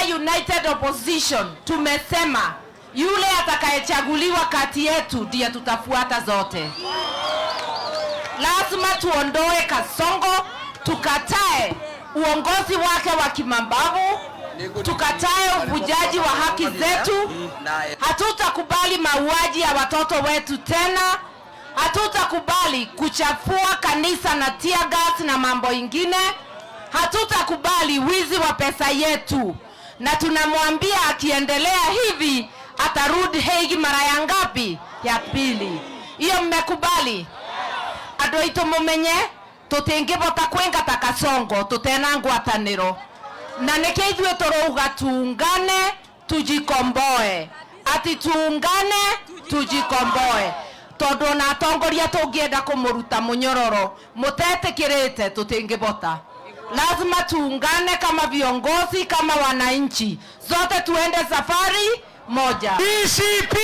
kama United Opposition tumesema yule atakayechaguliwa kati yetu ndiye tutafuata zote. Lazima tuondoe Kasongo, tukatae uongozi wake wa kimambavu, tukatae uvujaji wa haki zetu. Hatutakubali mauaji ya watoto wetu tena. Hatutakubali kuchafua kanisa na tear gas na mambo ingine. Hatutakubali wizi wa pesa yetu na tunamwambia akiendelea hivi atarudi hegi mara ya ngapi? Ya pili. Hiyo mmekubali? Andu mumenye tutingivota kwingata kasongo tutena ngwataniro na nikio ithuĩ tũrauga tuungane tujikomboe ati tuungane tujikomboe tondu ona atongoria tũngĩenda kũmũruta mũnyororo mũtetĩkĩrĩte tũtingĩvota lazima tuungane kama viongozi, kama wananchi, zote tuende safari moja. DCP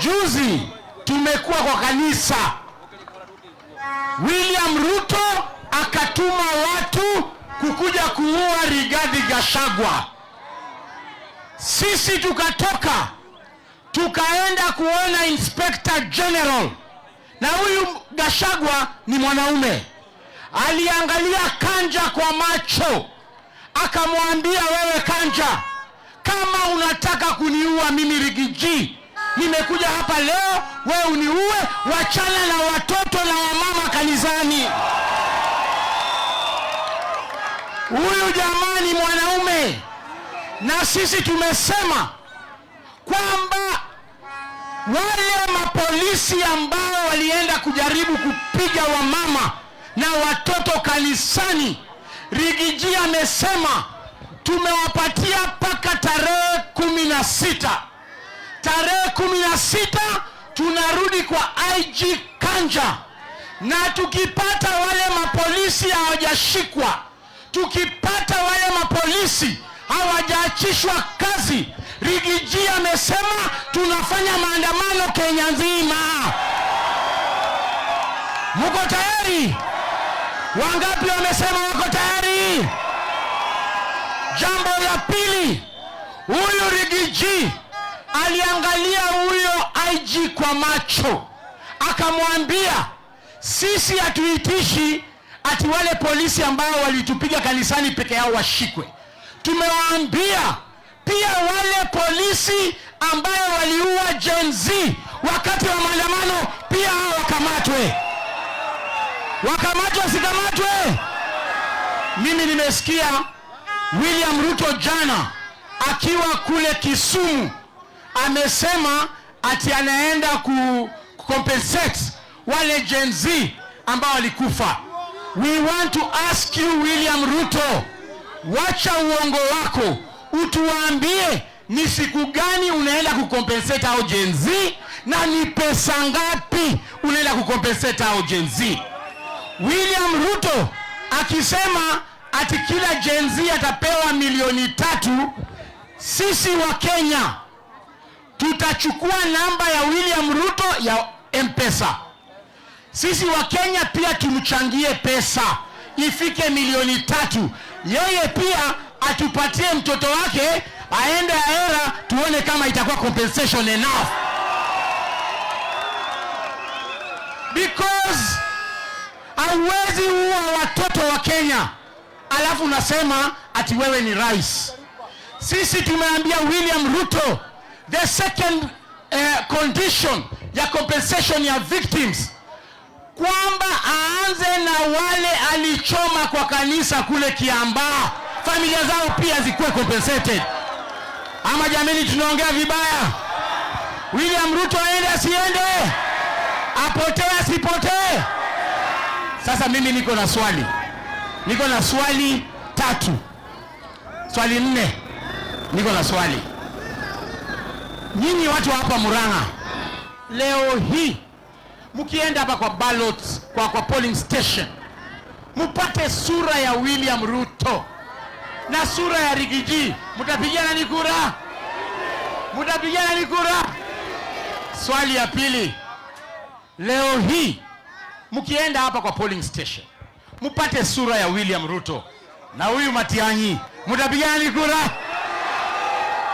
juzi tumekuwa kwa kanisa, William Ruto akatuma watu kukuja kuua Rigathi Gachagua. Sisi tukatoka tukaenda kuona Inspector General, na huyu Gachagua ni mwanaume aliangalia Kanja kwa macho, akamwambia wewe Kanja, kama unataka kuniua mimi Rigiji, nimekuja hapa leo, wewe uniue, wachana na watoto na wamama kanisani. Huyu jamaa ni mwanaume, na sisi tumesema kwamba wale mapolisi ambao walienda kujaribu kupiga wamama na watoto kanisani. Rigiji amesema tumewapatia mpaka tarehe kumi na sita. Tarehe kumi na sita tunarudi kwa IG Kanja, na tukipata wale mapolisi hawajashikwa, tukipata wale mapolisi hawajaachishwa kazi, Rigiji amesema tunafanya maandamano Kenya nzima. Muko tayari? Wangapi wamesema wako tayari? Jambo la pili, huyu Rigiji aliangalia huyo IG kwa macho, akamwambia sisi hatuitishi ati wale polisi ambao walitupiga kanisani peke yao washikwe. Tumewaambia pia wale polisi ambao waliua Gen Z wakati wa maandamano pia hao wakamatwe. Wakamatwe wasikamatwe? Mimi nimesikia William Ruto jana akiwa kule Kisumu amesema ati anaenda ku compensate wale Gen Z ambao walikufa. We want to ask you William Ruto, wacha uongo wako, utuambie ni siku gani unaenda compensate au Gen Z na ni pesa ngapi unaenda compensate au Gen Z? William Ruto akisema ati kila Gen Z atapewa milioni tatu, sisi wa Kenya tutachukua namba ya William Ruto ya M-Pesa. Sisi wa Kenya pia tumchangie pesa ifike milioni tatu, yeye pia atupatie mtoto wake aende aera, tuone kama itakuwa compensation enough because Hauwezi uwa watoto wa Kenya alafu unasema ati wewe ni rais. Sisi tumeambia William Ruto the second uh, condition ya compensation ya victims kwamba aanze na wale alichoma kwa kanisa kule Kiambaa, familia zao pia zikuwe compensated. Ama jamani, tunaongea vibaya? William Ruto aende asiende? Apotee asipotee? Sasa mimi niko na swali, niko na swali tatu, swali nne, niko na swali. Nyinyi watu hapa Murang'a, leo hii mkienda hapa kwa ballot, kwa, kwa polling station mupate sura ya William Ruto na sura ya Rigiji, mtapigia nani kura? Mtapigia nani kura? Swali ya pili leo hii mkienda hapa kwa polling station mpate sura ya William Ruto na huyu Matiang'i, mtapigana ni kura,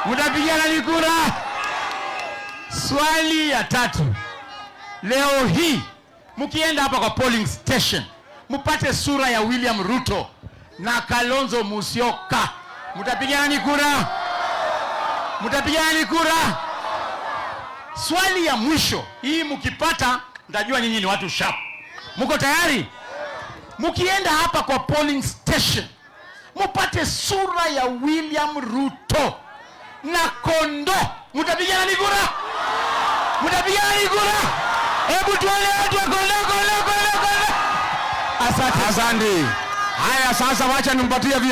mtapigana ni kura. Swali ya tatu leo hii, mkienda hapa kwa polling station mpate sura ya William Ruto na Kalonzo Musyoka, mtapigana ni kura, mtapigana ni kura. Swali ya mwisho hii mkipata, ndajua nyinyi ni watu sharp. Mko tayari? Mkienda hapa kwa polling station mupate sura ya William Ruto na Kondo, mutapigana ni kura, mutapigana ni kura. Hebu tuone watu wa Kondo, Kondo, Kondo, Kondo. Asante, asante. Haya, sasa wacha nimpatie